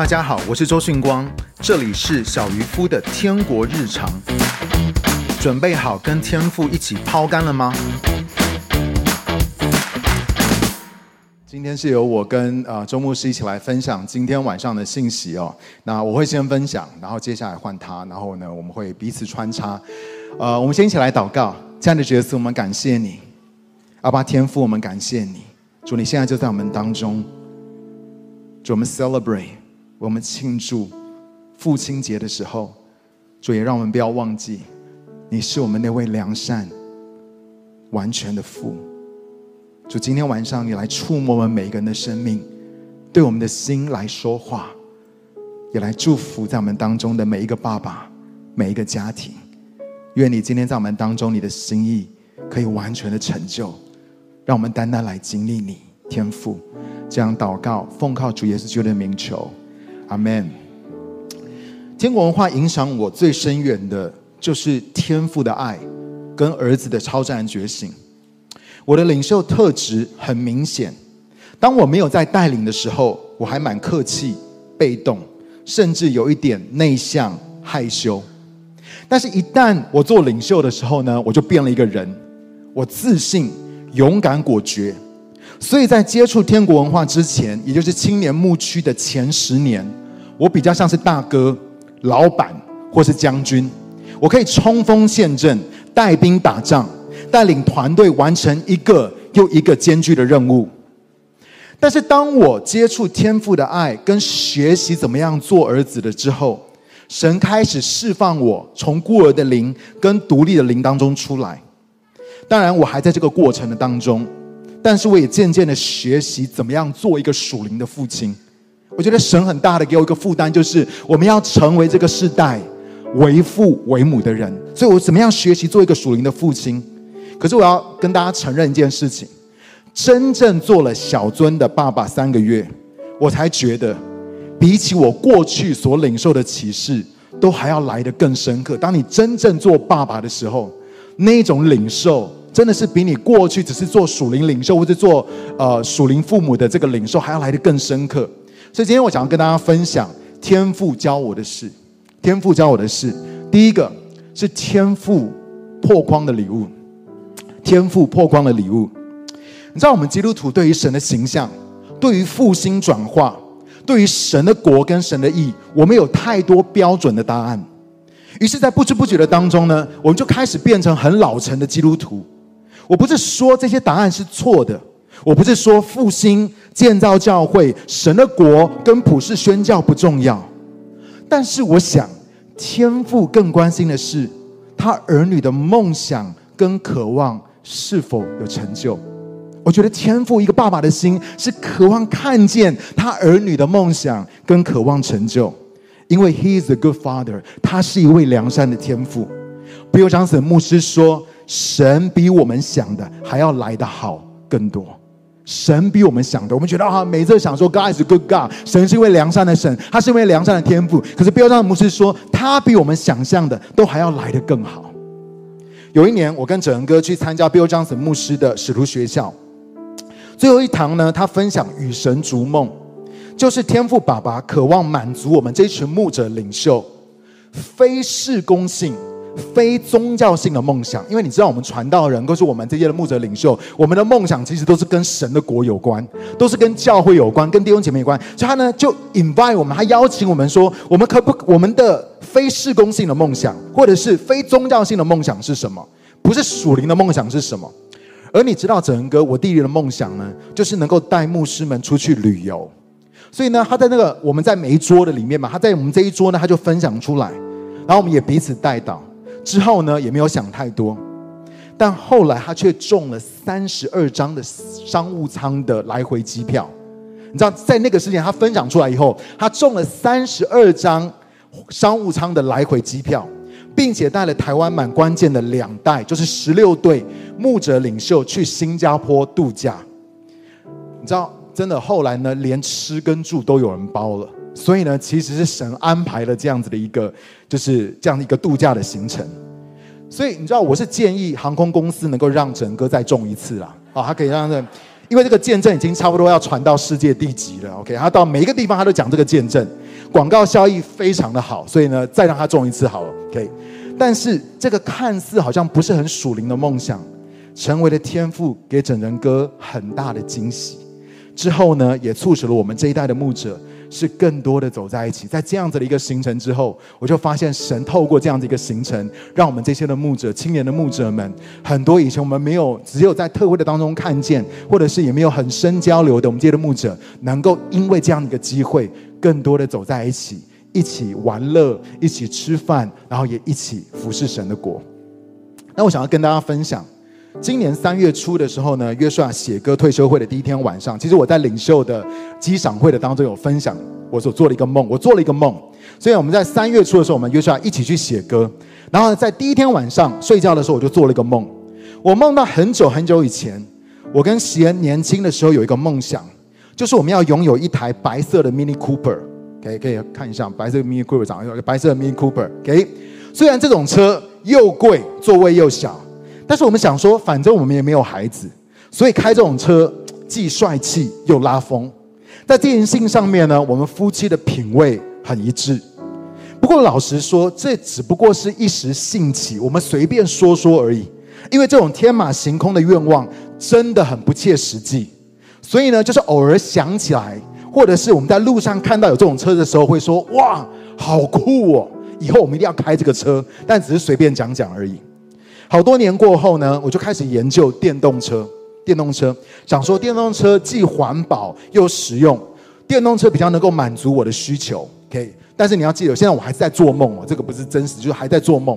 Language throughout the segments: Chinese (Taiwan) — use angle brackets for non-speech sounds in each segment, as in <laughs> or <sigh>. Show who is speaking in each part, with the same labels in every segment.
Speaker 1: 大家好，我是周巽光，這裡是小漁夫的天國日常。準備好跟天父一起拋竿了嗎？今天是由我跟呃周牧師一起來分享今天晚上的信息哦。那我會先分享，然後接下來換他，然後呢，我們會彼此穿插。呃，我們先一起來禱告。親愛的主，我們感謝你，阿爸天父，我們感謝你，主，你現在就在我們當中，主，我們 celebrate。我們慶祝父親節的時候，主也讓我們不要忘記，你是我們那位良善、完全的父。主，今天晚上你來觸摸我們每一個人的生命，對我們的心來說話，也來祝福在我們當中的每一個爸爸、每一個家庭。願你今天在我們當中，你的心意可以完全的成就，讓我們單單來經歷你天父。這樣禱告，奉靠主耶穌的名求。Amen。天國文化影響我最深遠的，就是天父的愛，跟兒子的超自然覺醒。我的領袖特質很明顯。當我沒有在帶領的時候，我還蠻客氣、被動，甚至有一點內向、害羞。但是，一旦我做領袖的時候呢，我就變了一個人。我自信、勇敢、果決。所以在接觸天國文化之前，也就是青年牧區的前十年。我比較像是大哥、老闆或是將軍，我可以衝鋒陷陣、帶兵打仗、帶領團隊完成一個又一個艱鉅的任務。但是，當我接觸天父的愛跟學習怎麼樣做兒子的之後，神開始釋放我從孤兒的靈跟獨立的靈當中出來。當然，我還在這個過程的當中，但是我也漸漸的學習怎麼樣做一個屬靈的父親。我覺得神很大的給我一個負擔，就是我們要成為這個世代為父為母的人。所以我怎麼樣學習做一個屬靈的父親？可是我要跟大家承認一件事情：真正做了小尊的爸爸三個月，我才覺得比起我過去所領受的啟示，都還要來得更深刻。當你真正做爸爸的時候，那種領受真的是比你過去只是做屬靈領袖或者做呃屬靈父母的這個領受還要來得更深刻。所以今天我想要跟大家分享天父教我的事。天父教我的事，第一個是天父破框的禮物。天父破框的禮物，你知道我們基督徒對於神的形象、對於復興轉化、對於神的國跟神的義，我們有太多標準的答案。於是，在不知不覺的當中呢，我們就開始變成很老成的基督徒。我不是說這些答案是錯的。我不是說復興、建造教會、神的國跟普世宣教不重要，但是我想，天父更關心的是他兒女的夢想跟渴望是否有成就。我覺得天父一個爸爸的心是渴望看見他兒女的夢想跟渴望成就，因為 He is a good father，他是一位良善的天父。比爾強生牧師說，神比我們想的還要來的好更多。神比我們想的，我們覺得啊，每次想說 God is a good God，神是一位良善的神，他是一位良善的天父。可是 Bill Johnson 牧師說，他比我們想象的都還要來得更好。有一年，我跟哲仁哥去參加 Bill Johnson 牧師的使徒學校，最後一堂呢，他分享與神逐夢，就是天父爸爸渴望滿足我們這群牧者領袖非世公信，非宗教性的夢想，因為你知道，我們傳道人都是我們這些的牧者領袖，我們的夢想其實都是跟神的國有關，都是跟教會有關，跟弟兄姐妹有關。所以，他呢就 invite 我們，他邀請我們說：“我們可不我們的非事工性的夢想，或者是非宗教性的夢想是什麼？不是屬靈的夢想是什麼？”而你知道，澤恩哥我弟弟的夢想呢，就是能夠帶牧師們出去旅遊。所以呢，他在那個我們在每一桌的裡面嘛，他在我們這一桌呢，他就分享出來，然後我們也彼此帶到。之後呢，也沒有想太多，但後來他卻中了三十二張的商務艙的來回機票。你知道，在那個事件他分享出來以後，他中了三十二張商務艙的來回機票，並且帶了台灣蠻關鍵的兩代，就是十六對牧者領袖去新加坡度假。你知道，真的後來呢，連吃跟住都有人包了。所以呢，其實是神安排了這樣子的一個，就是這樣的一個度假的行程。所以你知道，我是建議航空公司能夠讓整哥再中一次啦。好、哦，他可以讓這，因為這個見證已經差不多要傳到世界地極了。OK，他到每一個地方他都講這個見證，廣告效益非常的好。所以呢，再讓他中一次好了。OK，但是這個看似好像不是很屬靈的夢想，成為了天父給整人哥很大的驚喜。之後呢，也促使了我們這一代的牧者。是更多的走在一起，在這樣子的一個行程之後，我就發現神透過這樣的一個行程，讓我們這些的牧者、青年的牧者們，很多以前我們沒有，只有在特會的當中看見，或者是也沒有很深交流的，我們這些的牧者能夠因為這樣的一個機會，更多的走在一起，一起玩樂，一起吃飯，然後也一起服侍神的國。那我想要跟大家分享。今年三月初的時候呢，約書亞寫歌退休會的第一天晚上，其實我在領袖的機場會的當中有分享我所做了一個夢。我做了一個夢，所以我們在三月初的時候，我們約書亞一起去寫歌。然後在第一天晚上睡覺的時候，我就做了一個夢。我夢到很久很久以前，我跟席恩年輕的時候有一個夢想，就是我們要擁有一台白色的 Mini Cooper。可以可以看一下白色, cooper, 白色的 Mini Cooper 長什麼樣白色的 Mini Cooper。給。雖然這種車又貴，座位又小。但是我們想說，反正我們也沒有孩子，所以開這種車既帥氣又拉風。在電信上面呢，我們夫妻的品味很一致。不過老實說，這只不過是一時興起，我們隨便說說而已。因為這種天馬行空的願望真的很不切實際，所以呢，就是偶爾想起來，或者是我們在路上看到有這種車的時候，會說：“哇，好酷哦！以後我們一定要開這個車。”但只是隨便講講而已。好多年過後呢，我就開始研究電動車。電動車，想說電動車既環保又實用，電動車比較能夠滿足我的需求。OK，但是你要記得，現在我還是在做夢哦，這個不是真實，就是還在做夢。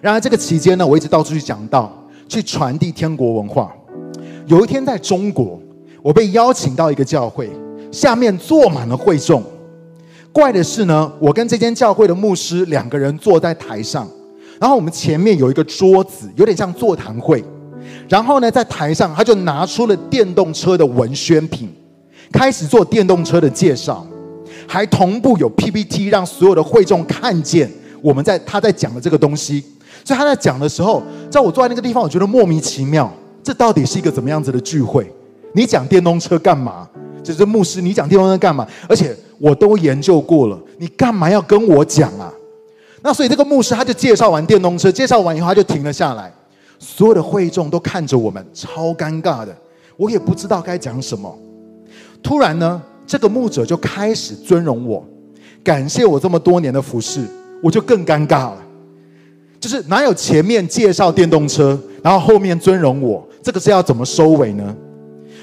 Speaker 1: 然而這個期間呢，我一直到處去講道，去傳遞天國文化。有一天在中國，我被邀請到一個教會，下面坐滿了會眾。怪的是呢，我跟這間教會的牧師兩個人坐在台上。然後我們前面有一個桌子，有點像座談會。然後呢，在台上他就拿出了電動車的文宣品，開始做電動車的介紹，還同步有 PPT，讓所有的會眾看見我們在他在講的這個東西。所以他在講的時候，在我坐在那個地方，我覺得莫名其妙，這到底是一個怎麼樣子的聚會？你講電動車幹嘛？就是牧師，你講電動車幹嘛？而且我都研究過了，你幹嘛要跟我講啊？那所以這個牧師他就介紹完電動車，介紹完以後他就停了下來，所有的會眾都看着我們，超尷尬的，我也不知道該講什麼。突然呢，這個牧者就開始尊榮我，感謝我這麼多年的服侍，我就更尷尬了。就是哪有前面介紹電動車，然後後面尊榮我，這個是要怎麼收尾呢？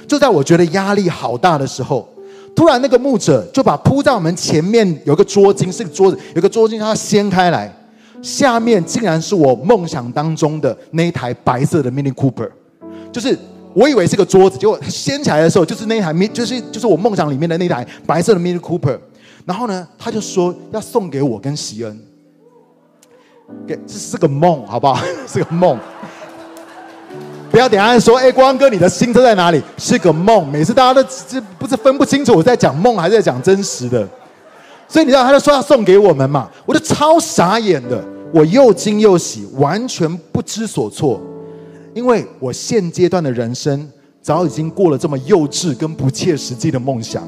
Speaker 1: 就在我覺得壓力好大的時候。突然，那個牧者，就把鋪在我們前面有個桌巾，是個桌子，有個桌巾，他掀開來，下面竟然是我夢想當中的那一台白色的 Mini Cooper，就是我以為是個桌子，結果掀起來的時候，就是那一台 Mini，就是就是我夢想裡面的那一台白色的 Mini Cooper。然後呢，他就說要送給我跟席恩，給，這是個夢，好不好？是個夢。不要等下說，哎、欸，光哥，你的新車在哪裡？是個夢。每次大家都這不是分不清楚，我在講夢還是在講真實的。所以你知道，他就說要送給我們嘛，我就超傻眼的，我又驚又喜，完全不知所措。因為我現階段的人生早已經過了這麼幼稚跟不切實際的夢想，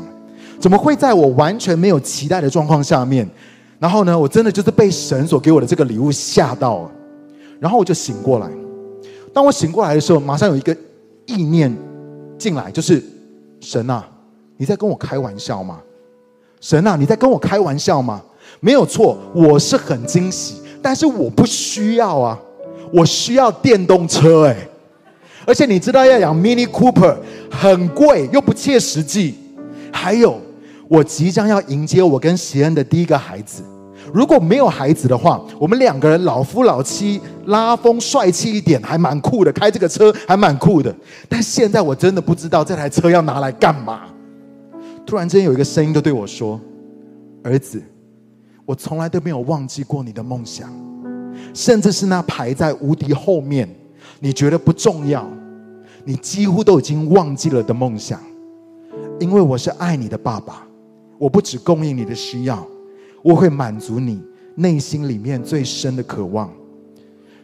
Speaker 1: 怎麼會在我完全沒有期待的狀況下面，然後呢，我真的就是被神所給我的這個禮物嚇到了，然後我就醒過來。當我醒過來的時候，馬上有一個意念進來，就是神啊，你在跟我開玩笑嗎？神啊，你在跟我開玩笑嗎？沒有錯，我是很驚喜，但是我不需要啊，我需要電動車誒、欸，而且你知道要養 Mini Cooper 很貴又不切實際，還有我即將要迎接我跟謝恩的第一個孩子。如果沒有孩子的話，我們兩個人老夫老妻，拉風帥氣一點，還蠻酷的。開這個車還蠻酷的。但現在我真的不知道這台車要拿來幹嘛。突然間有一個聲音就對我說：“兒子，我從來都沒有忘記過你的夢想，甚至是那排在無敵後面，你覺得不重要，你幾乎都已經忘記了的夢想。因為我是愛你的爸爸，我不止供應你的需要。”我會滿足你內心裡面最深的渴望，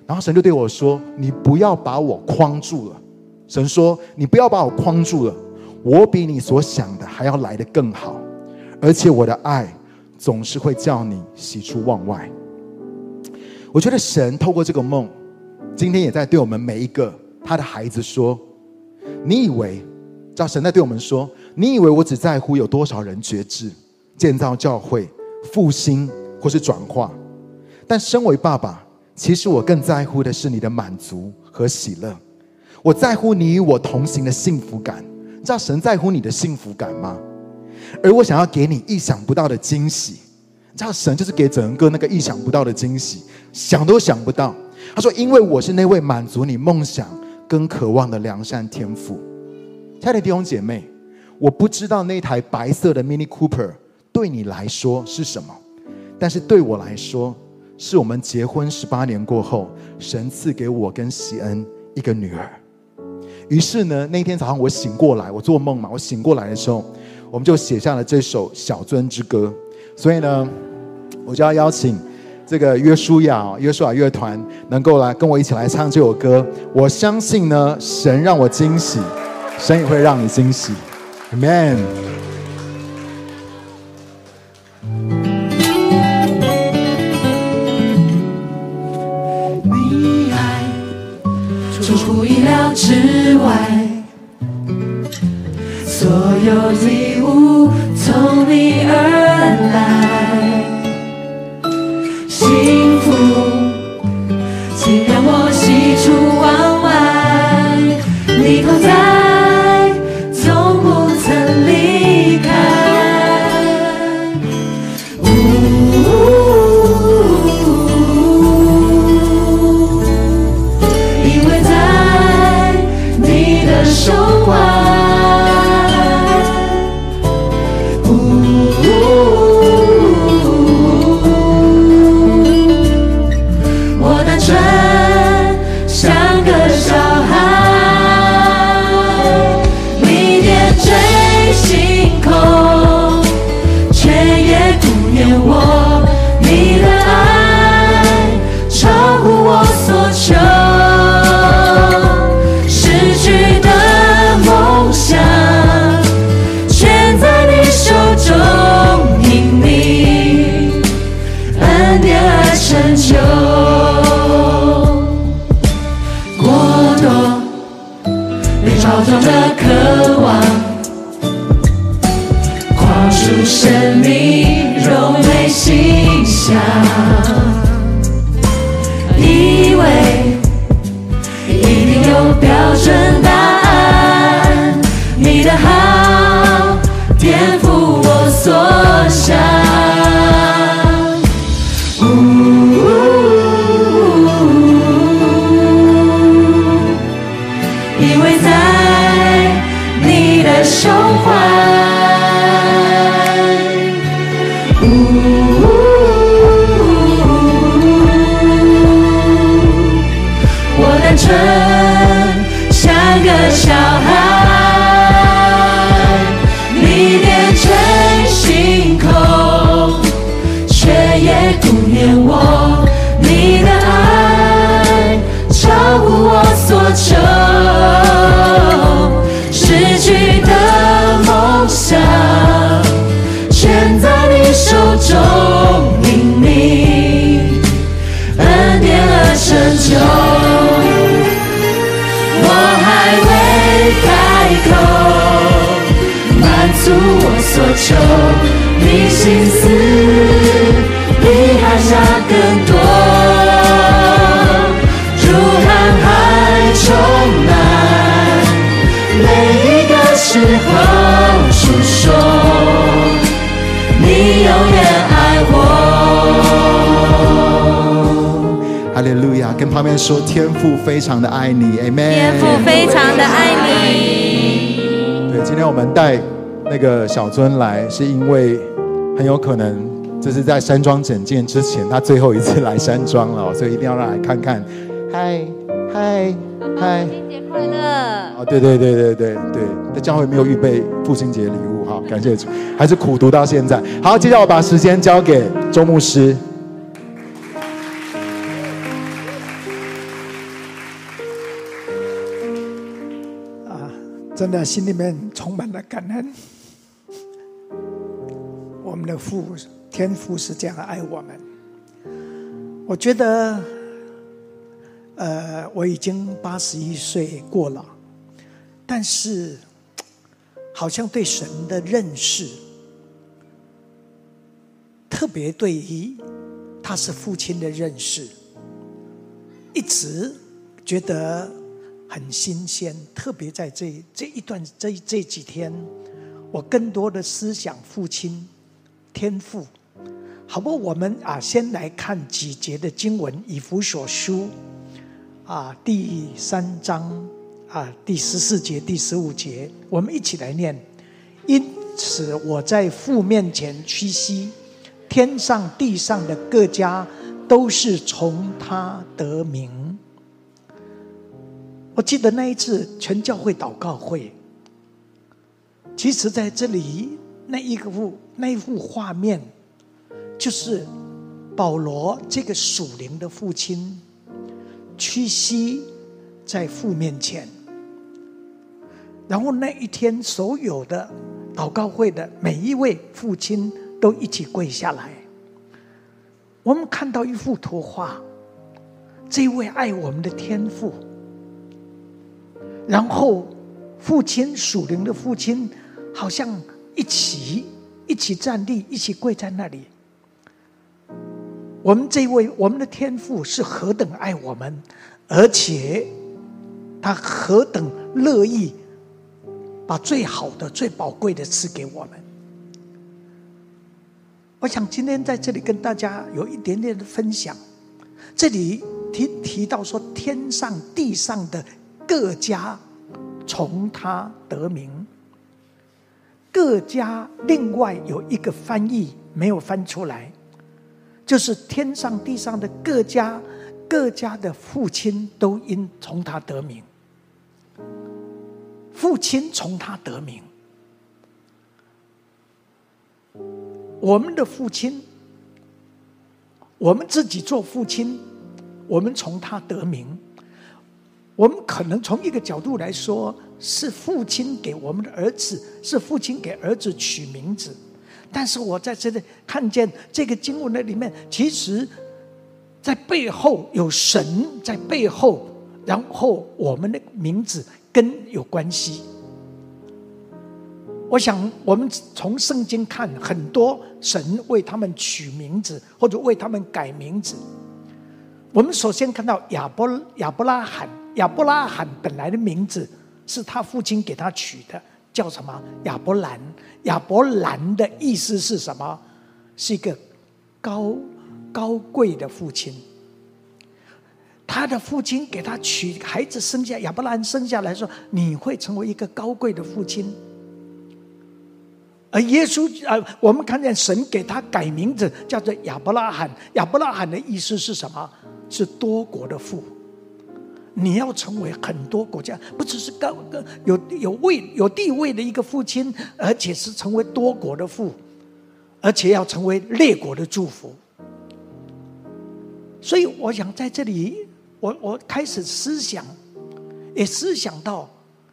Speaker 1: 然後神就對我說：“你不要把我框住了。”神說：“你不要把我框住了，我比你所想的還要來得更好，而且我的愛總是會叫你喜出望外。”我覺得神透過這個夢，今天也在對我們每一個他的孩子說：“你以為？”叫神在對我們說：“你以為我只在乎有多少人覺知建造教會？”復興或是轉化，但身為爸爸，其實我更在乎的是你的滿足和喜樂。我在乎你與我同行的幸福感，知道神在乎你的幸福感嗎？而我想要給你意想不到的驚喜，知道神就是給整人哥那個意想不到的驚喜，想都想不到。他說：“因為我是那位滿足你夢想跟渴望的良善天父。”親愛的弟兄姐妹，我不知道那台白色的 Mini Cooper。對你來說是什麼？但是對我來說，是我們結婚十八年過後，神賜給我跟喜恩一個女兒。於是呢，那天早上我醒過來，我做夢嘛。我醒過來的時候，我們就寫下了這首《小尊之歌》。所以呢，我就要邀請這個約書亞、約書亞樂團，能夠來跟我一起來唱這首歌。我相信呢，神讓我驚喜，神也會讓你驚喜。Amen。
Speaker 2: 出乎意料之外，所有禮物從你而來。
Speaker 1: 說天父非常的愛你，阿門。天父非
Speaker 2: 常的愛你。
Speaker 1: 愛你。對，今天我們帶那個小尊來，是因為很有可能這是在山莊整建之前，他最後一次來山莊了，所以一定要讓來看看。
Speaker 2: 嗨嗨嗨！父親節
Speaker 1: 快樂。啊，oh, 對對對對對對，對這教會沒有預備父親節禮物哈，感謝主，還是苦讀到現在。好，接下來我把時間交給周牧師。
Speaker 3: 真的，心裡面充滿了感恩。我們的父，天父是這樣的愛我們。我覺得，呃，我已經八十一歲過了，但是，好像對神的認識，特別對於他是父親的認識，一直覺得。很新鮮，特別在這這一段這這幾天，我更多的思想父親天父，好不？我們啊，先來看幾節的經文以弗所書啊第三章啊第十四節、第十五節，我們一起來念。因此我在父面前屈膝，天上地上的各家都是從他得名。我記得那一次全教會禱告會，其實在這裡那一幅那一幅畫面，就是保羅這個屬靈的父親屈膝在父面前，然後那一天所有的禱告會的每一位父親都一起跪下來。我們看到一幅圖畫，這一位愛我們的天父，然後，父親屬靈的父親，好像一起一起站立，一起跪在那裡。我們這一位我們的天父是何等愛我們，而且他何等樂意把最好的、最寶貴的賜給我們。我想今天在這裡跟大家有一點點的分享。這裡提提到說天上地上的。各家從他得名。各家另外有一個翻譯沒有翻出來，就是天上地上的各家，各家的父親都因從他得名。父親從他得名。我們的父親，我們自己做父親，我們從他得名。我們可能從一個角度來說，是父親給我們的兒子，是父親給兒子取名字。但是我在這裡看見這個經文的裡面，其實在背後有神在背後，然後我們的名字跟有關係。我想，我們從聖經看，很多神為他們取名字，或者為他們改名字。我們首先看到亞伯亞伯拉罕。亞伯拉罕本來的名字是他父親給他取的，叫什麼？亞伯蘭。亞伯蘭的意思是什麼？是一個高高貴的父親。他的父親給他取孩子生下亞伯蘭，生下來說，你會成為一個高貴的父親。而耶穌啊、呃，我們看見神給他改名字叫做亞伯拉罕。亞伯拉罕的意思是什麼？是多國的父。你要成為很多國家，不只是高個有有位有地位的一個父親，而且是成為多國的父，而且要成為列國的祝福。所以，我想在這裡，我我開始思想，也思想到，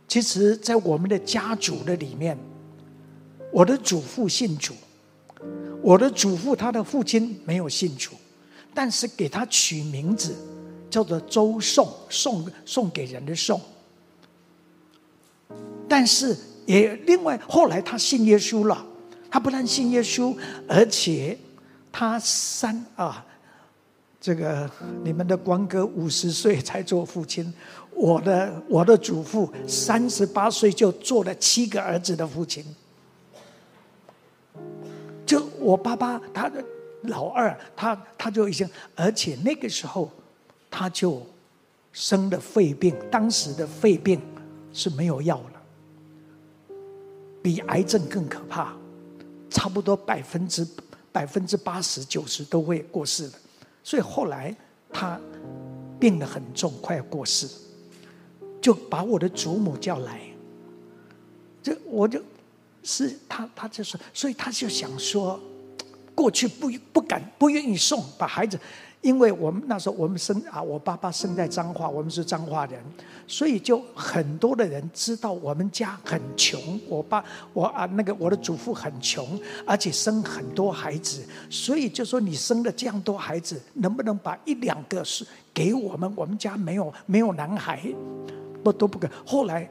Speaker 3: 其實，在我們的家族的裡面，我的祖父信主，我的祖父他的父親沒有信主，但是給他取名字。叫做“周頌，送送給人的頌。但是也另外後來他信耶穌了，他不但信耶穌，而且他三啊，這個你們的光哥五十歲才做父親，我的我的祖父三十八歲就做了七個兒子的父親，就我爸爸他的老二，他他就已經，而且那個時候。他就生了肺病，當時的肺病是沒有藥了，比癌症更可怕，差不多百分之百分之八十九十都會過世的。所以後來他病得很重，快要過世，就把我的祖母叫來，這我就是他，他就是，所以他就想說，過去不不敢不願意送，把孩子。因為我們那時候我們生啊，我爸爸生在彰化，我們是彰化人，所以就很多的人知道我們家很窮，我爸我啊那個我的祖父很窮，而且生很多孩子，所以就說你生了這樣多孩子，能不能把一兩個是給我們？我們家沒有沒有男孩，不都不給。後來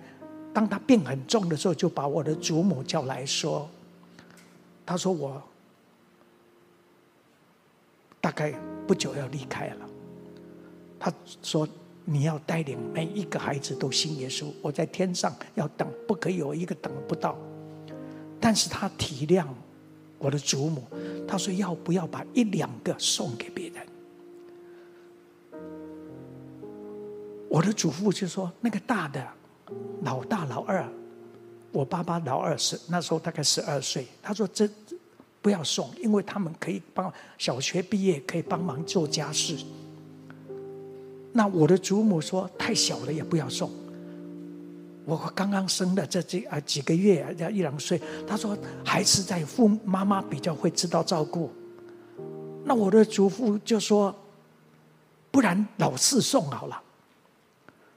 Speaker 3: 當他病很重的時候，就把我的祖母叫來說，他說我。大概不久要離開了。他說：“你要帶領每一個孩子都信耶穌。我在天上要等，不可以有一個等不到。”但是他體諒我的祖母，他說：“要不要把一兩個送給別人？”我的祖父就說：“那個大的，老大、老二，我爸爸老二是，那時候大概十二歲。”他說：“這。”不要送，因為他們可以幫小學畢業，可以幫忙做家事。那我的祖母說太小了也不要送，我剛剛生的這幾啊幾個月要一兩歲。他說還是在父母媽媽比較會知道照顧。那我的祖父就說，不然老四送好了，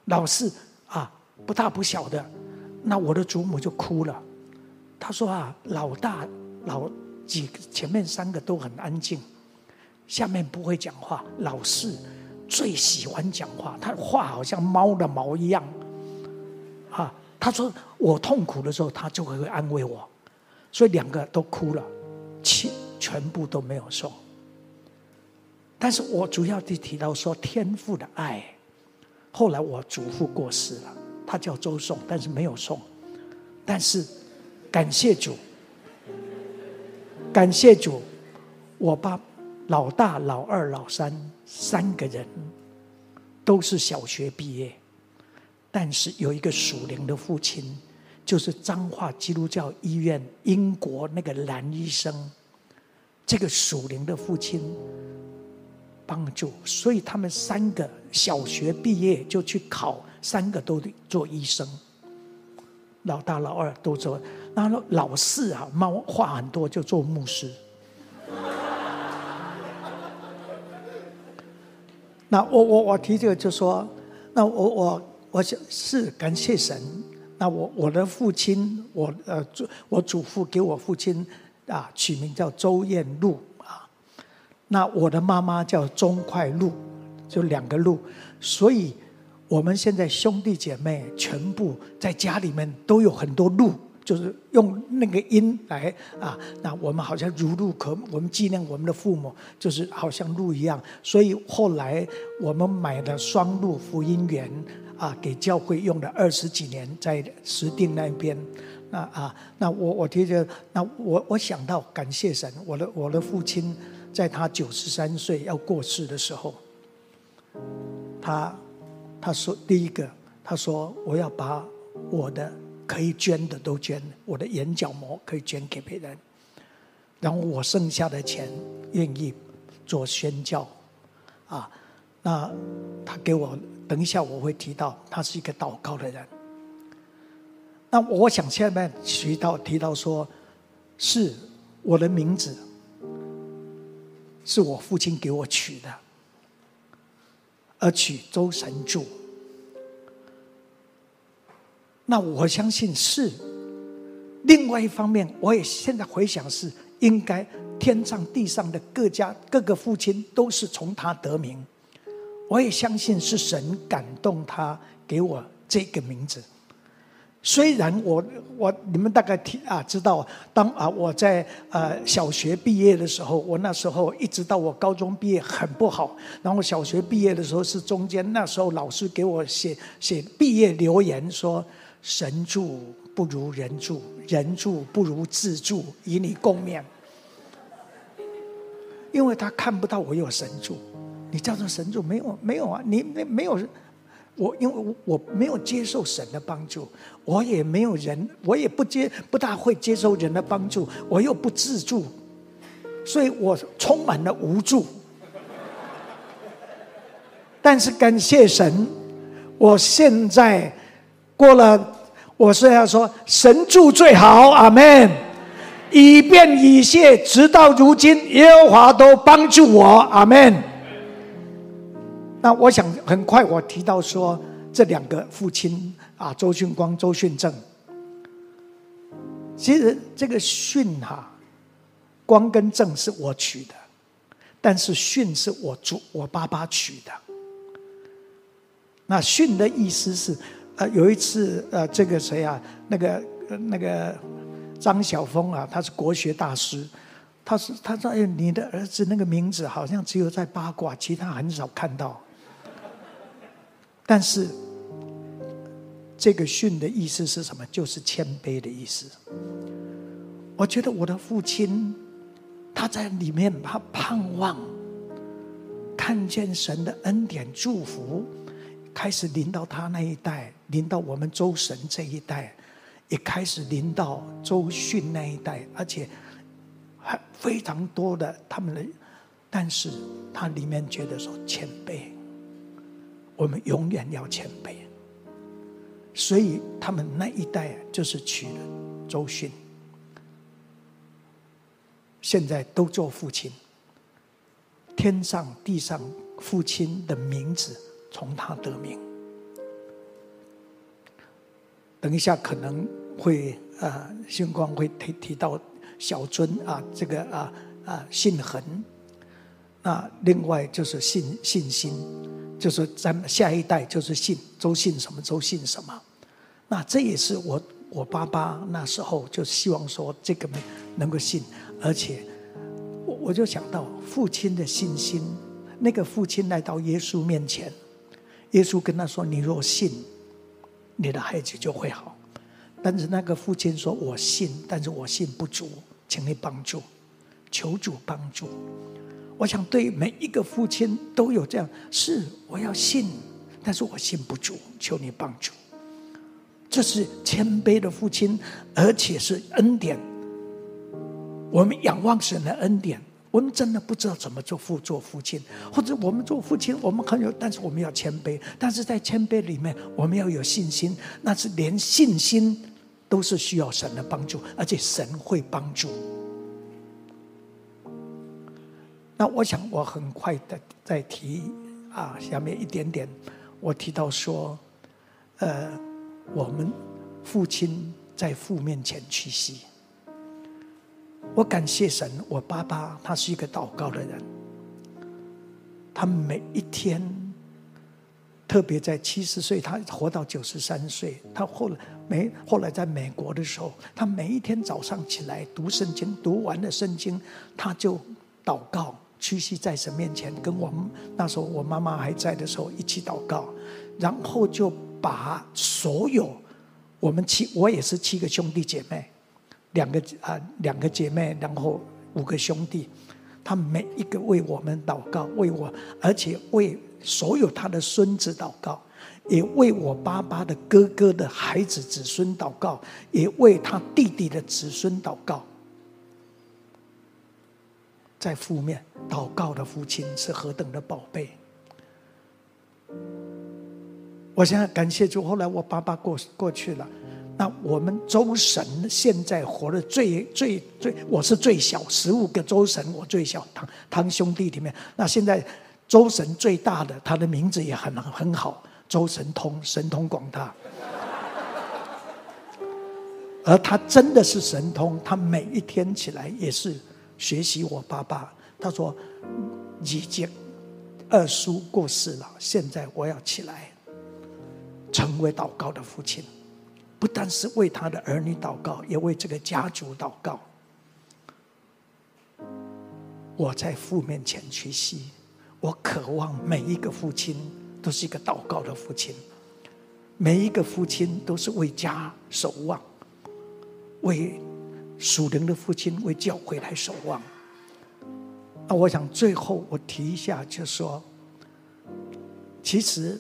Speaker 3: 老四啊不大不小的。那我的祖母就哭了，他說啊老大老。幾前面三個都很安靜，下面不會講話。老四最喜歡講話，他話好像貓的毛一樣，啊！他說我痛苦的時候，他就會安慰我，所以兩個都哭了，七全部都沒有送。但是我主要地提到說天父的愛。後來我祖父過世了，他叫周頌，但是沒有送。但是感謝主。感謝主，我爸、老大、老二、老三三個人都是小學畢業，但是有一個屬靈的父親，就是彰化基督教醫院英國那個蘭醫生，這個屬靈的父親幫助，所以他們三個小學畢業就去考，三個都做醫生，老大、老二都做。那老四啊，媽，媽話很多，就做牧師。 <laughs> 那我我我提這個就說，那我我我想是感謝神。那我我的父親，我呃祖我祖父給我父親啊取名叫周燕祿啊。那我的媽媽叫鍾快祿，就兩個祿，所以我們現在兄弟姐妹全部在家裡面都有很多祿。就是用那個音來啊，那我們好像如路可，我們紀念我們的父母，就是好像路一樣。所以後來我們買了雙路福音員啊，給教會用了二十幾年，在石碇那邊。那啊，那我我提着，那我我想到感謝神，我的我的父親在他九十三歲要過世的時候，他他說第一個他說我要把我的。可以捐的都捐，我的眼角膜可以捐給別人，然後我剩下的錢願意做宣教，啊，那他給我等一下我會提到，他是一個禱告的人。那我想下面提到提到說，是我的名字是我父親給我取的，而取周神助。那我相信是。另外一方面，我也現在回想是應該天上地上的各家各個父親都是從他得名。我也相信是神感動他給我這個名字。雖然我我你們大概聽啊知道，當啊我在呃小學畢業的時候，我那時候一直到我高中畢業很不好，然後小學畢業的時候是中間那時候老師給我寫寫畢業留言說。神助不如人助，人助不如自助。與你共勉，因為他看不到我有神助，你叫做神助沒有沒有啊？你沒沒有？我因為我我沒有接受神的幫助，我也沒有人，我也不接不大會接受人的幫助，我又不自助，所以我充滿了無助。但是感謝神，我現在。過了，我雖然說神助最好，阿門。以便以謝，直到如今，耶和華都幫助我，阿門。阿們。那我想，很快我提到說這兩個父親啊，周巽光、周巽正。其實這個巽哈、啊，光跟正是我取的，但是巽是我祖我爸爸取的。那巽的意思是。呃，有一次，呃，這個誰啊？那個那個張曉峰啊，他是國學大師。他是，他說：“哎，你的兒子那個名字好像只有在八卦，其他很少看到。”但是這個訓的意思是什麼？就是謙卑的意思。我覺得我的父親他在裡面，他盼望看見神的恩典祝福開始臨到他那一代。臨到我們周神這一代，也開始臨到周巽那一代，而且還非常多的他們的，但是他裡面覺得說謙卑，我們永遠要謙卑，所以他們那一代就是取了周巽。現在都做父親，天上地上父親的名字從他得名。等一下，可能會啊、呃，星光會提提到小尊啊，這個啊啊，信恆啊，那另外就是信信心，就是咱，下一代就是信，周信什麼，周信什麼？那這也是我我爸爸那時候就希望說這個能夠信，而且我我就想到父親的信心，那個父親來到耶穌面前，耶穌跟他說：“你若信。”你的孩子就會好，但是那個父親說：“我信，但是我信不足，請你幫助，求主幫助。”我想對每一個父親都有這樣：是，我要信，但是我信不足，求你幫助。這是謙卑的父親，而且是恩典。我們仰望神的恩典。我們真的不知道怎麼做父做父親，或者我們做父親，我們很有，但是我們要謙卑，但是在謙卑裡面，我們要有信心。那是連信心都是需要神的幫助，而且神會幫助。那我想，我很快的再提啊，下面一點點，我提到說，呃，我們父親在父面前屈膝。我感謝神，我爸爸他是一個禱告的人，他每一天，特別在七十歲，他活到九十三歲，他後來沒後來在美國的時候，他每一天早上起來讀聖經，讀完了聖經，他就禱告，屈膝在神面前，跟我們那時候我媽媽還在的時候一起禱告，然後就把所有我們七，我也是七個兄弟姐妹，兩個啊，兩個姐妹，然後五個兄弟，他們每一個為我們禱告，為我，而且為所有他的孫子禱告，也為我爸爸的哥哥的孩子子孫禱告，也為他弟弟的子孫禱告。在父面禱告的父親是何等的寶貝！我現在感謝主。後來我爸爸過過去了。那我們周神現在活得最最最，我是最小，十五個周神我最小堂堂兄弟裡面。那現在周神最大的，他的名字也很很好，周神通，神通廣大。而他真的是神通，他每一天起來也是學習我爸爸。他說：“已經二叔過世了，現在我要起來，成為禱告的父親。”不但是為他的兒女禱告，也為這個家族禱告。我在父面前屈膝，我渴望每一個父親都是一個禱告的父親，每一個父親都是為家守望，為屬靈的父親為教會來守望。那我想最後我提一下，就說，其實。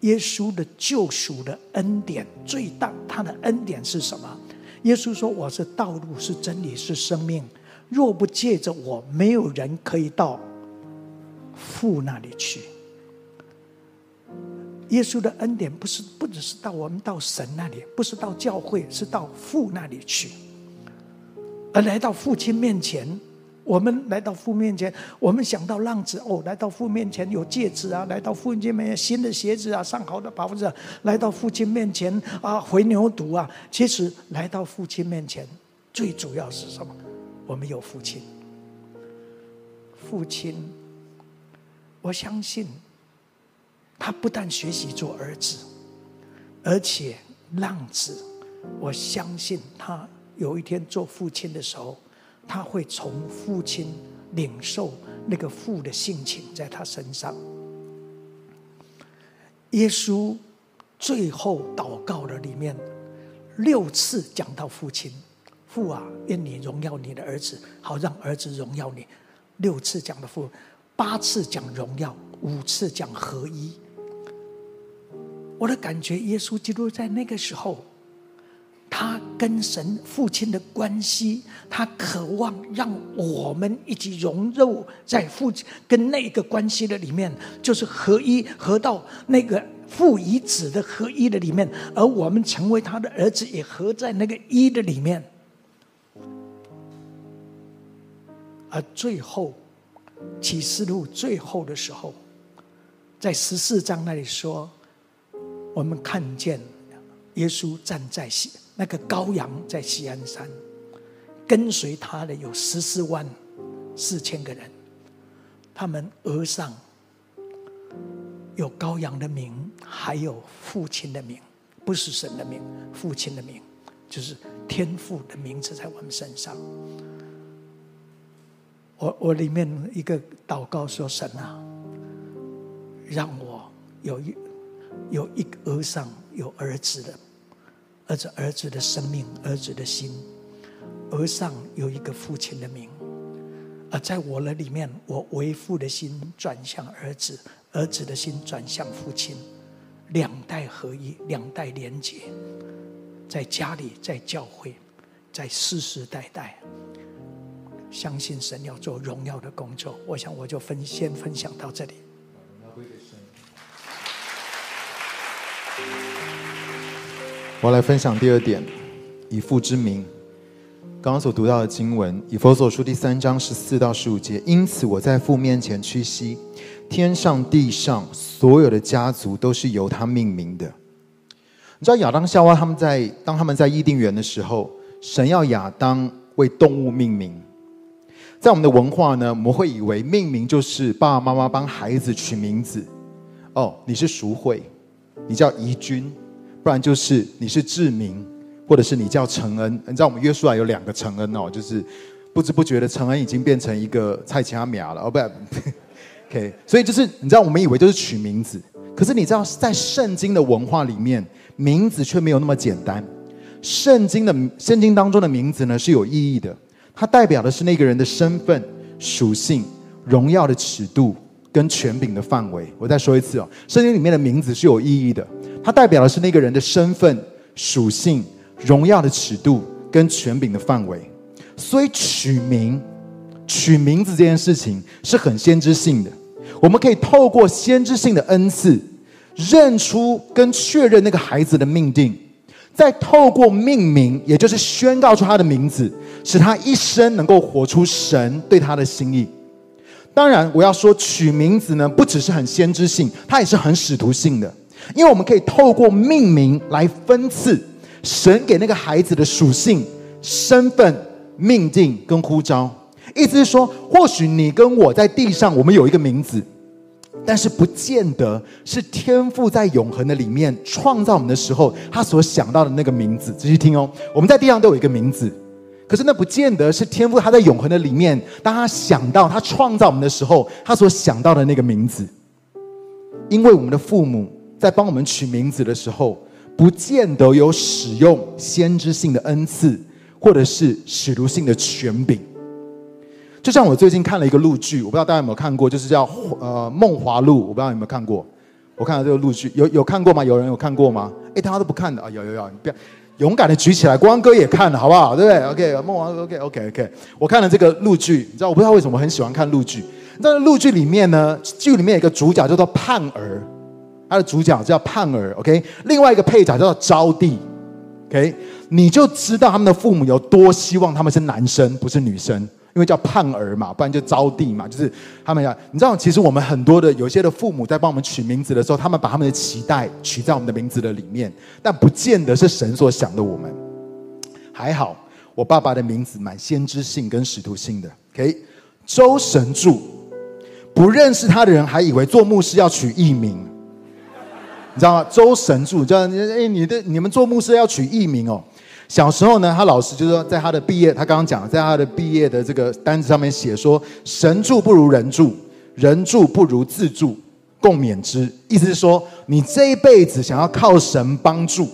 Speaker 3: 耶穌的救贖的恩典最大，他的恩典是什麼？耶穌說：“我是道路，是真理，是生命。若不借着我，沒有人可以到父那裡去。”耶穌的恩典不是不只是到我們到神那裡，不是到教會，是到父那裡去，而來到父親面前。我們來到父面前，我們想到浪子哦，來到父面前有戒指啊，來到父親面前新的鞋子啊，上好的袍子、啊，來到父親面前啊，回牛犢啊。其實來到父親面前，最主要是什麼？我們有父親，父親，我相信他不但學習做兒子，而且浪子，我相信他有一天做父親的時候。他會從父親領受那個父的性情在他身上。耶穌最後禱告的裡面六次講到父親，父啊，願你榮耀你的兒子，好讓兒子榮耀你。六次講的父，八次講榮耀，五次講合一。我的感覺，耶穌基督在那個時候。他跟神父親的關係，他渴望讓我們一起融入在父親跟那個關係的裡面，就是合一，合到那個父與子的合一的裡面，而我們成為他的兒子，也合在那個一的裡面。而最後，《啟示錄》最後的時候，在十四章那裡說，我們看見耶穌站在西。那個羔羊在錫安山，跟隨他的有十四萬四千個人，他們額上有羔羊的名，還有父親的名，不是神的名，父親的名，就是天父的名字在我們身上。我我裡面一個禱告說：神啊，讓我有一有一個額上有兒子的。兒子，兒子的生命，兒子的心，額上有一個父親的名；而在我的裡面，我為父的心轉向兒子，兒子的心轉向父親，兩代合一，兩代連結，在家裡，在教會，在世世代代，相信神要做榮耀的工作。我想，我就分先分享到這裡。
Speaker 1: 我來分享第二點，以父之名。剛剛所讀到的經文，《以弗所書》第三章十四到十五節。因此，我在父面前屈膝。天上地上所有的家族都是由他命名的。你知道亞當夏娃他們在當他們在伊甸園的時候，神要亞當為動物命名。在我們的文化呢，我們會以為命名就是爸爸媽媽幫孩子取名字。哦，你是淑惠，你叫怡君。不然就是你是志明，或者是你叫成恩。你知道我們約書亞有兩個成恩哦，就是不知不覺的成恩已經變成一個蔡琴阿苗了哦，不對。OK 所以就是你知道我們以為就是取名字，可是你知道在聖經的文化裡面，名字卻沒有那麼簡單。聖經的聖經當中的名字呢是有意義的，它代表的是那個人的身份、屬性、榮耀的尺度。跟權柄的範圍，我再說一次哦，聖經裡面的名字是有意義的，它代表的是那個人的身份、屬性、榮耀的尺度跟權柄的範圍。所以取名、取名字這件事情是很先知性的。我們可以透過先知性的恩賜，認出跟確認那個孩子的命定，再透過命名，也就是宣告出他的名字，使他一生能夠活出神對他的心意。當然，我要說取名字呢，不只是很先知性，它也是很使徒性的。因為我們可以透過命名來分賜神給那個孩子的屬性、身份、命定跟呼召。意思是說，或許你跟我在地上，我們有一個名字，但是不見得是天父在永恆的裡面創造我們的時候，他所想到的那個名字。仔細聽哦，我們在地上都有一個名字。可是那不見得是天父，他在永恆的裡面，當他想到他創造我們的時候，他所想到的那個名字。因為我們的父母在幫我們取名字的時候，不見得有使用先知性的恩賜，或者是使徒性的權柄。就像我最近看了一個陸劇，我不知道大家有沒有看過，就是叫呃《夢華錄》，我不知道你有沒有看過。我看到這個陸劇，有有看過嗎？有人有看過嗎？哎，大家都不看的啊！有有有，你不要。勇敢的舉起來，國王哥也看了，好不好？對不對？OK，夢王 OK，OK，OK，okay, okay, okay. 我看了這個陸劇，你知道我不知道為什麼我很喜歡看陸劇，那陸劇裡面呢，劇裡面有一個主角叫做盼兒，他的主角叫盼兒，OK，另外一個配角叫做招娣，OK，你就知道他們的父母有多希望他們是男生不是女生。因為叫盼兒嘛，不然就招弟嘛，就是他們要。你知道，其實我們很多的，有些的父母在幫我們取名字的時候，他們把他們的期待取在我們的名字的裡面，但不見得是神所想的。我們還好，我爸爸的名字蠻先知性跟使徒性的。OK，周神助，不認識他的人還以為做牧師要取藝名，你知道嗎？周神助，叫你、欸、你的你們做牧師要取藝名哦。小時候呢，他老師就說，在他的畢業，他剛剛講，在他的畢業的這個單子上面寫說：“神助不如人助，人助不如自助，共勉之。”意思是說，你這一輩子想要靠神幫助，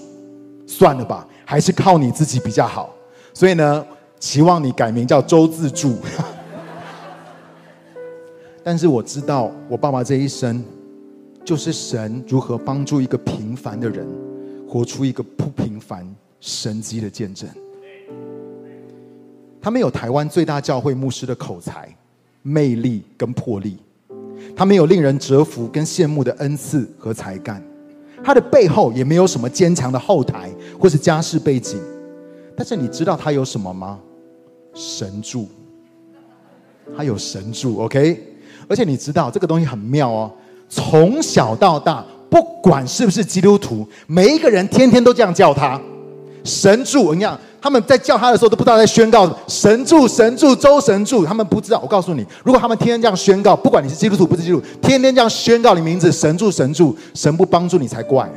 Speaker 1: 算了吧，還是靠你自己比較好。所以呢，期望你改名叫周自助。 <laughs> 但是我知道，我爸爸這一生，就是神如何幫助一個平凡的人，活出一個不平凡神蹟的見證，他沒有台灣最大教會牧師的口才、魅力跟魄力，他沒有令人折服跟羨慕的恩賜和才幹，他的背後也沒有什麼堅強的後台或是家世背景。但是你知道他有什麼嗎？神助，他有神助。OK，而且你知道這個東西很妙哦。從小到大，不管是不是基督徒，每一個人天天都這樣叫他。神助，我跟你講，他們在叫他的時候都不知道在宣告什麼，神助，神助，周神助，他們不知道。我告訴你，如果他們天天這樣宣告，不管你是基督徒不是基督徒，天天這樣宣告你名字，神助神助，神助，神不幫助你才怪。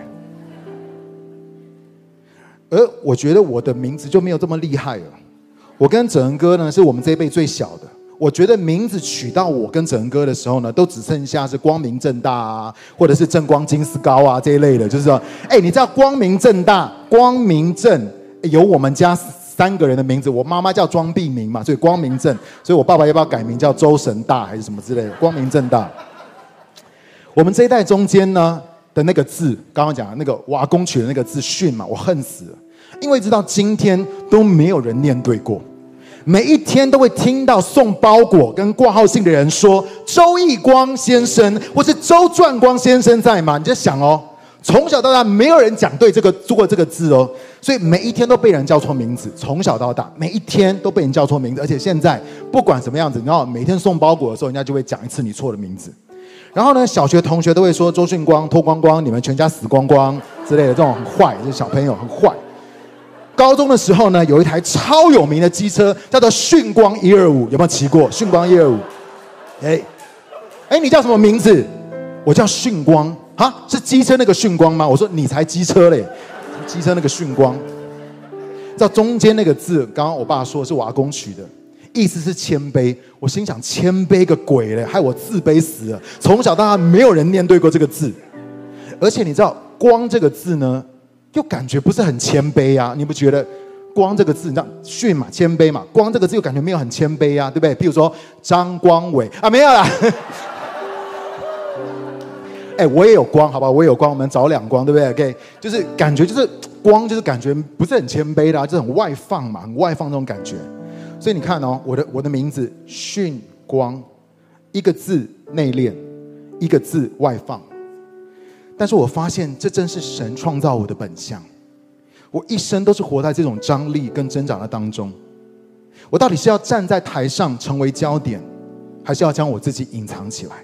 Speaker 1: 而我覺得我的名字就沒有這麼厲害了。我跟哲恩哥呢，是我們這一輩最小的。我覺得名字取到我跟哲哥的時候呢，都只剩下是光明正大啊，或者是正光金絲糕啊這一類的。就是說，哎，你知道光明正大、光明正，有我們家三個人的名字。我媽媽叫莊碧明嘛，所以光明正。所以我爸爸要不要改名叫周神大還是什麼之類的？光明正大。 <laughs> 我們這一代中間呢的那個字，剛剛講的那個阿公取的那個字巽嘛，我恨死了，因為直到今天都沒有人念對過。每一天都會聽到送包裹跟掛號信的人說：“周義光先生，或是周轉光先生在嗎？”你就想哦，從小到大沒有人講對這個，做過這個字哦，所以每一天都被人叫錯名字。從小到大，每一天都被人叫錯名字，而且現在不管什麼樣子，然後每天送包裹的時候，人家就會講一次你錯的名字。然後呢，小學同學都會說：“周迅光，脫光光，你們全家死光光”之類的，這種很壞，就是小朋友很壞。高中的時候呢，有一台超有名的機車，叫做迅光一二五，有沒有騎過？迅光一二五，哎，誒你叫什麼名字？我叫巽光，哈，是機車那個迅光嗎？我說你才機車嘞，機車那個迅光，知道中間那個字，剛剛我爸說是我阿公取的，意思是謙卑。我心想謙卑個鬼嘞，害我自卑死了。從小到大沒有人念對過這個字，而且你知道光這個字呢？又感覺不是很謙卑呀、啊？你不覺得“光”這個字，你知道巽嘛，謙卑嘛，“光”這個字又感覺沒有很謙卑呀、啊，對不對？譬如說張光偉啊，沒有啦。哎、 <laughs> 欸，我也有光，好吧？我也有光，我們找兩光，對不對？OK，就是感覺就是光，就是感覺不是很謙卑的、啊，這、就、種、是、外放嘛，很外放那種感覺。所以你看哦，我的我的名字巽光，一個字內斂，一個字外放。但是我發現，這正是神創造我的本相。我一生都是活在這種張力跟掙扎的當中。我到底是要站在台上成為焦點，還是要將我自己隱藏起來？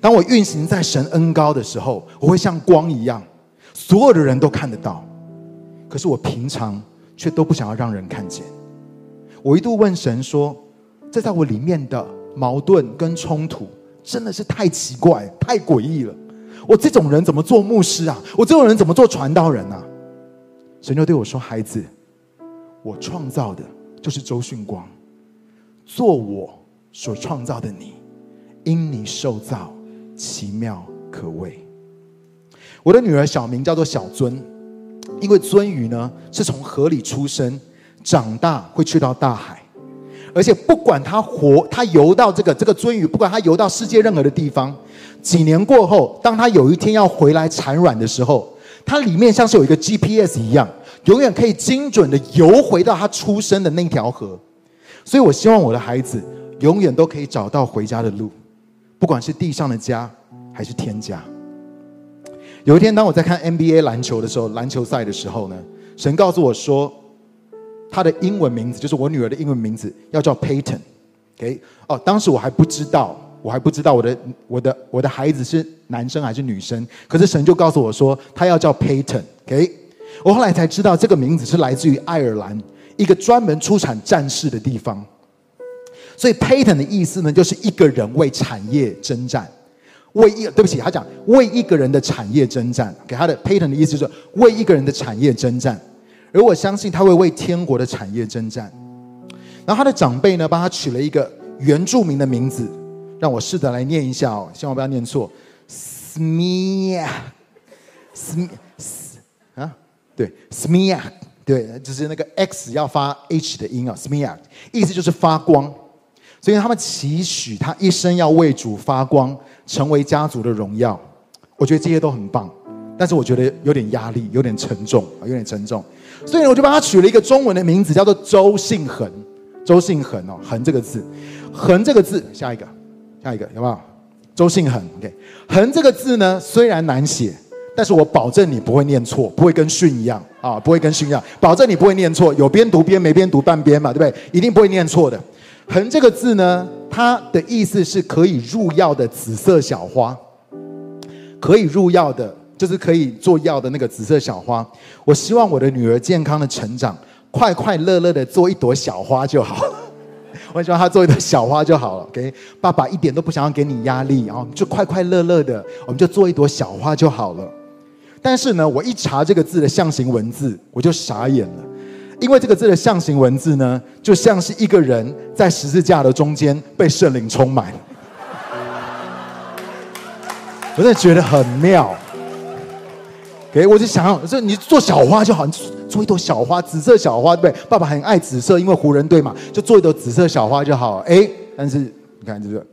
Speaker 1: 當我運行在神恩膏的時候，我會像光一樣，所有的人都看得到。可是我平常卻都不想要讓人看見。我一度問神說：“這在我裡面的矛盾跟衝突，真的是太奇怪、太詭異了。”我這種人怎麼做牧師啊？我這種人怎麼做傳道人啊？神就對我說：“孩子，我創造的就是周巽光，做我所創造的你，因你受造奇妙可畏。”我的女兒小名叫做小尊，因為尊魚呢是從河裡出生，長大會去到大海，而且不管它活，它游到這個這個尊魚，不管它游到世界任何的地方。幾年過後，當他有一天要回來產卵的時候，它裡面像是有一個 GPS 一樣，永遠可以精準的游回到他出生的那條河。所以我希望我的孩子永遠都可以找到回家的路，不管是地上的家還是天家。有一天，當我在看 NBA 籃球的時候，籃球賽的時候呢，神告訴我說，他的英文名字就是我女兒的英文名字，要叫 Payton。OK，哦，當時我還不知道。我還不知道我的我的我的孩子是男生還是女生，可是神就告訴我說他要叫 Payton。OK，我後來才知道這個名字是來自於愛爾蘭一個專門出產戰士的地方。所以 Payton 的意思呢，就是一個人為產業征戰，為一，對不起，他講為一個人的產業征戰。給、okay? 他的 Payton 的意思就是為一個人的產業征戰，而我相信他會為天國的產業征戰。然後他的長輩呢，幫他取了一個原住民的名字。讓我試着來念一下哦，希望不要念錯。smia，sm，SM 啊，對，smia，對，就是那個 x 要發 h 的音啊、哦。smia，意思就是發光，所以他們期許他一生要為主發光，成為家族的榮耀。我覺得這些都很棒，但是我覺得有點壓力，有點沉重啊，有點沉重。所以我就幫他取了一個中文的名字，叫做周信恆。周信恆哦，恆這個字，恆這個字，下一個。下一個有沒有？周信恆，OK，恆這個字呢，雖然難寫，但是我保證你不會念錯，不會跟巽一樣啊、哦，不會跟巽一樣，保證你不會念錯。有邊讀邊沒邊讀半邊嘛，對不對？一定不會念錯的。恆這個字呢，它的意思是可以入藥的紫色小花，可以入藥的，就是可以做藥的那個紫色小花。我希望我的女兒健康的成長，快快樂樂的做一朵小花就好。我希望他做一朵小花就好了。給、okay? 爸爸一點都不想要給你壓力，然、哦、後就快快樂樂的，我們就做一朵小花就好了。但是呢，我一查這個字的象形文字，我就傻眼了，因為這個字的象形文字呢，就像是一個人在十字架的中間被聖靈充滿。我真的覺得很妙。誒、欸，我就想要，這你做小花就好，你做一朵小花，紫色小花，對，對，爸爸很愛紫色，因為湖人隊嘛，就做一朵紫色小花就好。哎、欸，但是你看這個、就是，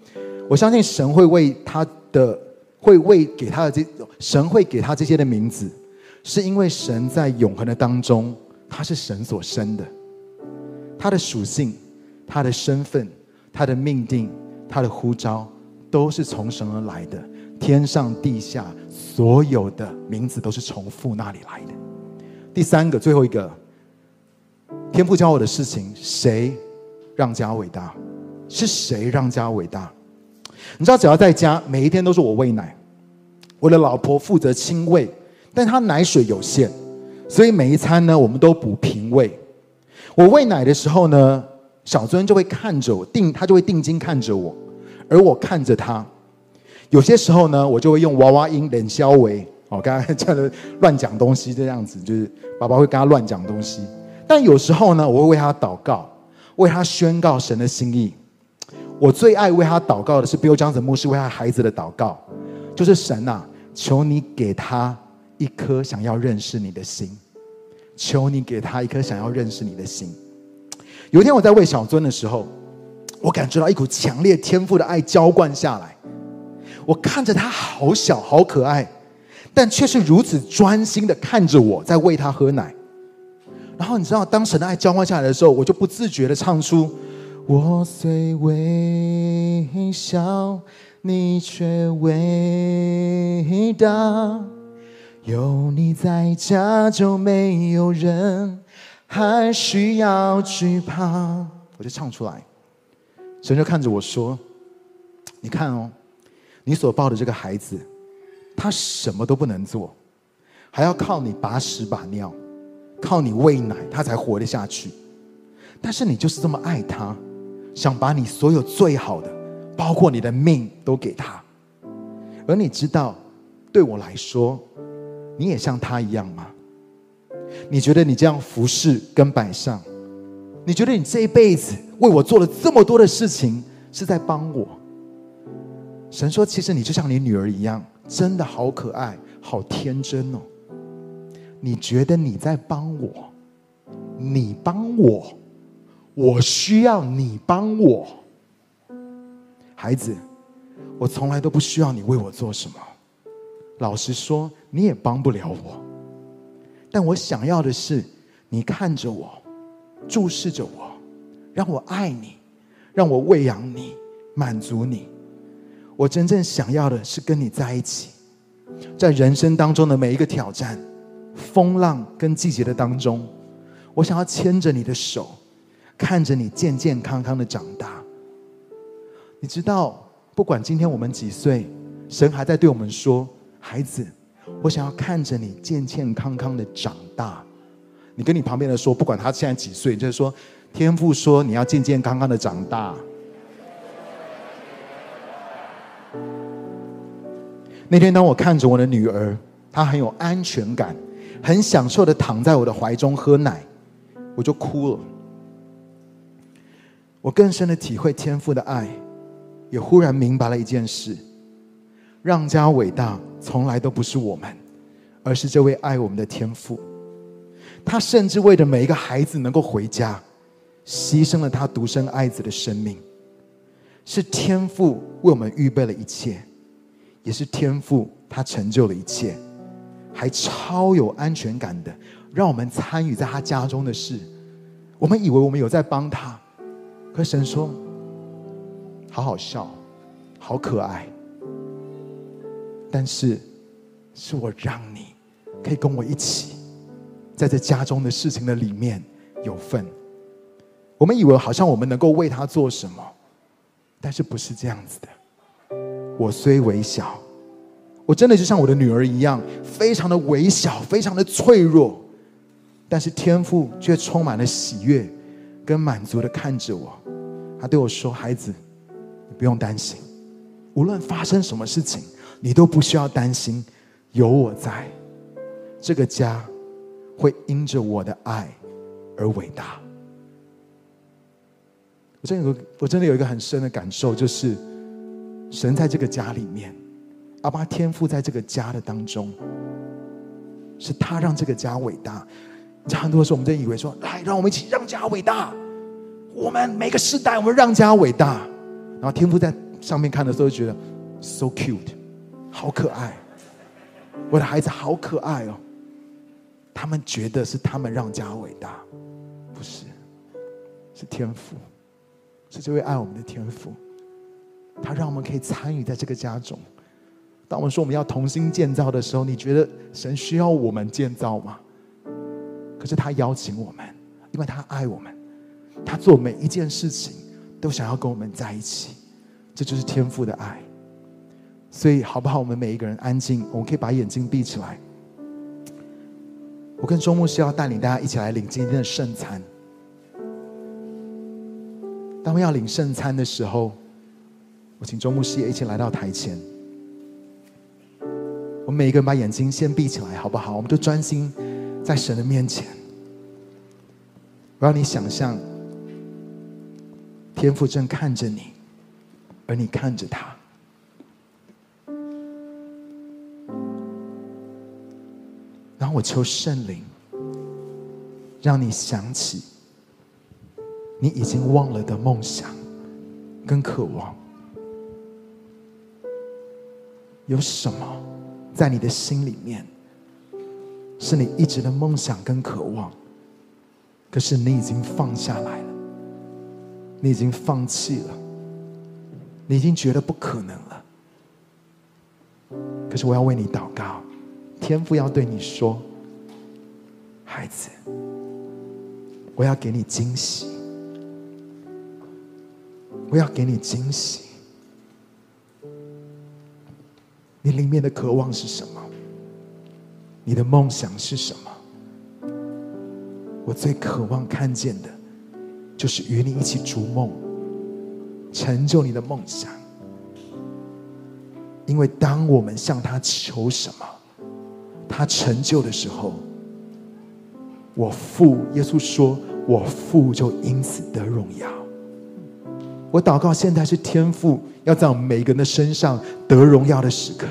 Speaker 1: 我相信神會為他的，會為給他的這，神會給他這些的名字，是因為神在永恆的當中，他是神所生的，他的屬性、他的身份、他的命定、他的呼召，都是從神而來的。天上地下所有的名字都是從父那裡來的。第三個，最後一個，天父教我的事情，誰讓家偉大？是誰讓家偉大？你知道，只要在家，每一天都是我餵奶，我的老婆負責親餵，但她奶水有限，所以每一餐呢，我們都補瓶餵。我餵奶的時候呢，小尊就會看着我，定他就會定睛看着我，而我看着他。有些時候呢，我就會用娃娃音冷消微，哦，剛剛叫的亂講東西，這樣子就是爸爸會跟他亂講東西。但有時候呢，我會為他禱告，為他宣告神的心意。我最愛為他禱告的是，Bill 木是牧師為他孩子的禱告，就是神吶、啊，求你給他一顆想要認識你的心，求你給他一顆想要認識你的心。有一天我在餵小尊的時候，我感覺到一股強烈天父的愛澆灌下來。我看着他好小好可愛，但卻是如此專心的看着我在喂他喝奶。然後你知道，當神的愛交換下來的時候，我就不自覺的唱出：“我雖微小，你卻偉大。有你在家，就沒有人還需要懼怕。”我就唱出來，神就看着我說：“你看哦。”你所抱的這個孩子，他什麼都不能做，還要靠你把屎把尿，靠你餵奶，他才活得下去。但是你就是這麼愛他，想把你所有最好的，包括你的命，都給他。而你知道，對我來說，你也像他一樣嗎？你覺得你這樣服侍跟擺上？你覺得你這一輩子為我做了這麼多的事情，是在幫我？神說：“其實你就像你女兒一樣，真的好可愛，好天真哦。你覺得你在幫我，你幫我，我需要你幫我。孩子，我從來都不需要你為我做什麼。老實說，你也幫不了我。但我想要的是，你看着我，注視着我，讓我愛你，讓我餵養你，滿足你。”我真正想要的是跟你在一起，在人生當中的每一個挑戰、風浪跟季節的當中，我想要牽着你的手，看着你健健康康的長大。你知道，不管今天我們幾歲，神還在對我們說：“孩子，我想要看着你健健康康的長大。”你跟你旁邊的說，不管他現在幾歲，就是說：“天父說，你要健健康康的長大。”那天，當我看着我的女兒，她很有安全感，很享受的躺在我的懷中喝奶，我就哭了。我更深的體會天父的愛，也忽然明白了一件事：讓家偉大，從來都不是我們，而是這位愛我們的天父。他甚至為了每一個孩子能夠回家，犧牲了他獨生愛子的生命。是天父為我們預備了一切。也是天父，他成就了一切，還超有安全感的，讓我們參與在他家中的事。我們以為我們有在幫他，可是神說：“好好笑，好可愛。”但是，是我讓你可以跟我一起，在這家中的事情的裡面有份。我們以為好像我們能夠為他做什麼，但是不是這樣子的。我雖微小，我真的就像我的女兒一樣，非常的微小，非常的脆弱，但是天父卻充滿了喜悅，跟滿足的看着我，他對我說：“孩子，你不用擔心，無論發生什麼事情，你都不需要擔心，有我在，這個家會因着我的愛而偉大。”我真有個我真的有一個很深的感受，就是，神在這個家裡面，阿爸天父在這個家的當中，是他讓這個家偉大。很多時候我們就以為說，來讓我們一起讓家偉大。我們每個世代，我們讓家偉大。然後天父在上面看的時候，就覺得 so cute，好可愛。我的孩子好可愛哦。他們覺得是他們讓家偉大，不是，是天父，是這位愛我們的天父。他讓我們可以參與在這個家中。當我們說我們要同心建造的時候，你覺得神需要我們建造嗎？可是他邀請我們，因為他愛我們。他做每一件事情都想要跟我們在一起，這就是天父的愛。所以好不好？我們每一個人安靜，我們可以把眼睛閉起來。我跟周牧師要帶領大家一起來領今天的聖餐。當我們要領聖餐的時候。我請周牧師也一起來到台前。我們每一個人把眼睛先閉起來，好不好？我們就專心在神的面前。我讓你想象，天父正看着你，而你看着他。然後我求聖靈，讓你想起你已經忘了的夢想跟渴望。有什麼在你的心裡面，是你一直的夢想跟渴望，可是你已經放下來了，你已經放棄了，你已經覺得不可能了。可是我要為你禱告，天父要對你說，孩子，我要給你驚喜，我要給你驚喜。你裡面的渴望是什麼？你的夢想是什麼？我最渴望看見的，就是與你一起逐夢，成就你的夢想。因為當我們向他求什麼，他成就的時候，我父耶穌說：“我父就因此得榮耀。”我禱告，現在是天父要在我們每一個人的身上得榮耀的時刻，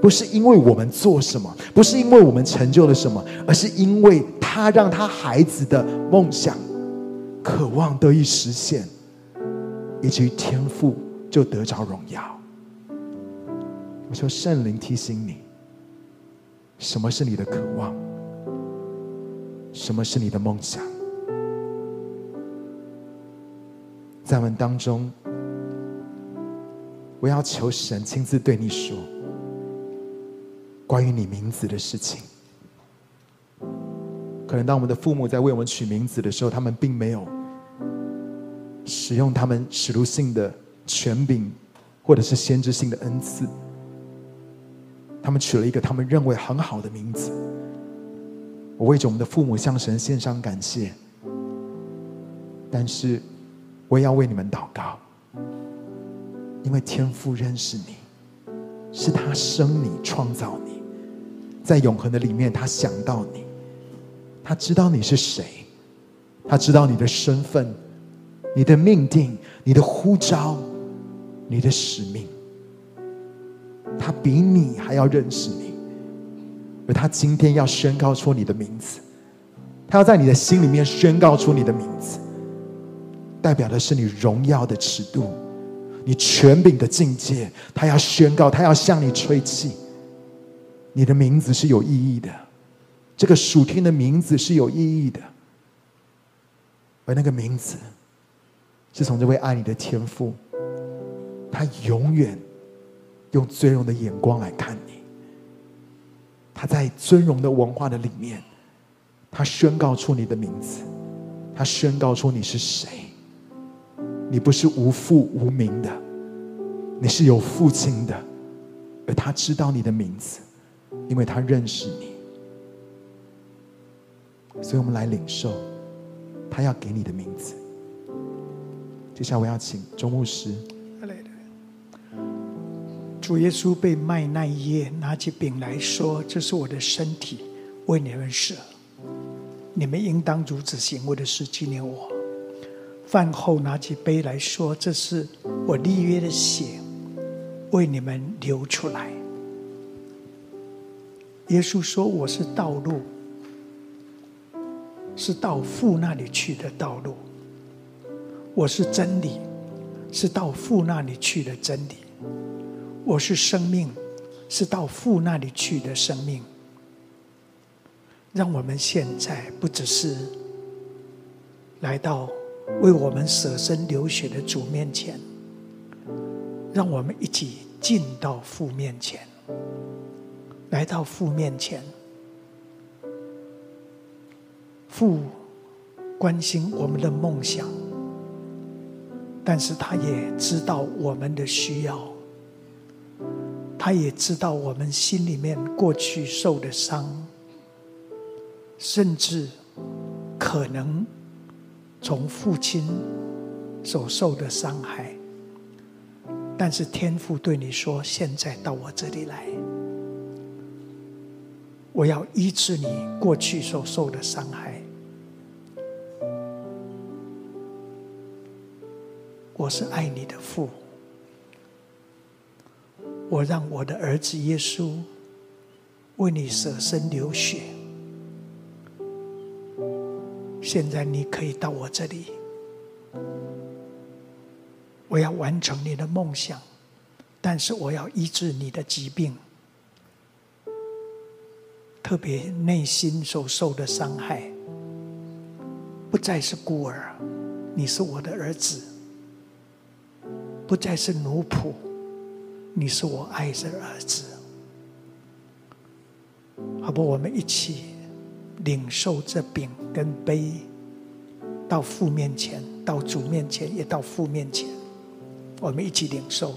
Speaker 1: 不是因為我們做什麼，不是因為我們成就了什麼，而是因為他讓他孩子的夢想、渴望得以實現，以至於天父就得着榮耀。我說，聖靈提醒你，什麼是你的渴望，什麼是你的夢想。在我們當中，我要求神親自對你說關於你名字的事情。可能當我們的父母在為我們取名字的時候，他們並沒有使用他們使徒性的權柄，或者是先知性的恩賜，他們取了一個他們認為很好的名字。我為着我們的父母向神獻上感謝，但是。我也要為你們禱告，因為天父認識你，是他生你、創造你，在永恆的裡面，他想到你，他知道你是誰，他知道你的身份、你的命定、你的呼召、你的使命，他比你還要認識你，而他今天要宣告出你的名字，他要在你的心裡面宣告出你的名字。代表的是你榮耀的尺度，你權柄的境界。他要宣告，他要向你吹氣。你的名字是有意義的，這個屬天的名字是有意義的。而那個名字，是從這位愛你的天父，他永遠用尊榮的眼光來看你。他在尊榮的文化的裡面，他宣告出你的名字，他宣告出你是誰。你不是無父無名的，你是有父親的，而他知道你的名字，因為他認識你，所以我們來領受他要給你的名字。接下來我要請鍾牧師。來，來，
Speaker 3: 主耶穌被賣那一夜，拿起餅來說：“這是我的身體，為你們捨。你們應當如此行，為的是紀念我。”飯後拿起杯來說：“這是我立約的血，為你們流出來。”耶穌說：“我是道路，是到父那裡去的道路；我是真理，是到父那裡去的真理；我是生命，是到父那裡去的生命。”讓我們現在不只是來到。為我們捨身流血的主面前，讓我們一起進到父面前，來到父面前。父關心我們的夢想，但是他也知道我們的需要，他也知道我們心裡面過去受的傷，甚至可能。從父親所受的傷害，但是天父對你說：“現在到我這裡來，我要醫治你過去所受的傷害。我是愛你的父，我讓我的兒子耶穌為你捨身流血。”現在你可以到我這裡，我要完成你的夢想，但是我要醫治你的疾病，特別內心所受的傷害，不再是孤兒，你是我的兒子，不再是奴僕，你是我愛的兒子，好不好？我們一起。領受這餅跟杯，到父面前，到主面前，也到父面前，我們一起領受。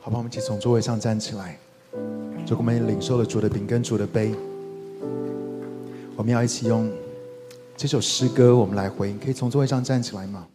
Speaker 1: 好吧，我們一起從座位上站起來。如果我們也領受了主的餅跟主的杯，我們要一起用。這首詩歌，我們來回應，可以從座位上站起來嗎？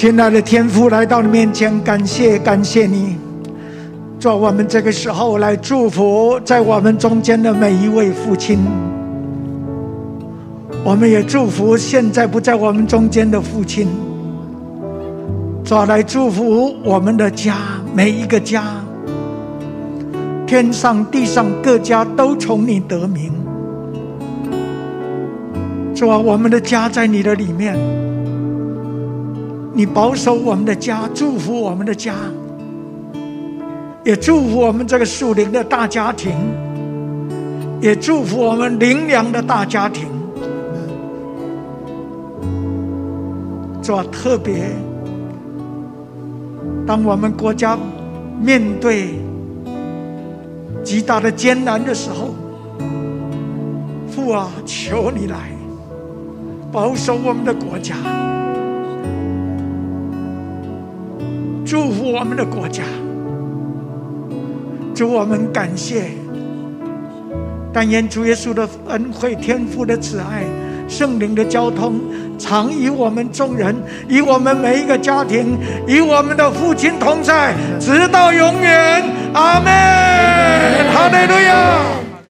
Speaker 3: 親愛的天父，來到你面前，感謝感謝你，主啊，我們這個時候來祝福，在我們中間的每一位父親，我們也祝福現在不在我們中間的父親，主啊，來祝福我們的家，每一個家，天上地上各家都從你得名，主啊，我們的家在你的裡面。你保守我們的家，祝福我們的家，也祝福我們這個樹林的大家庭，也祝福我們靈糧的大家庭，嗯、做特別當我們國家面對極大的艱難的時候，父啊，求你來保守我們的國家。祝福我們的國家，祝我們感謝，但願主耶穌的恩惠、天父的慈愛、聖靈的交通，常與我們眾人、與我們每一個家庭、與我們的父親同在，直到永遠。阿門。哈利路亞。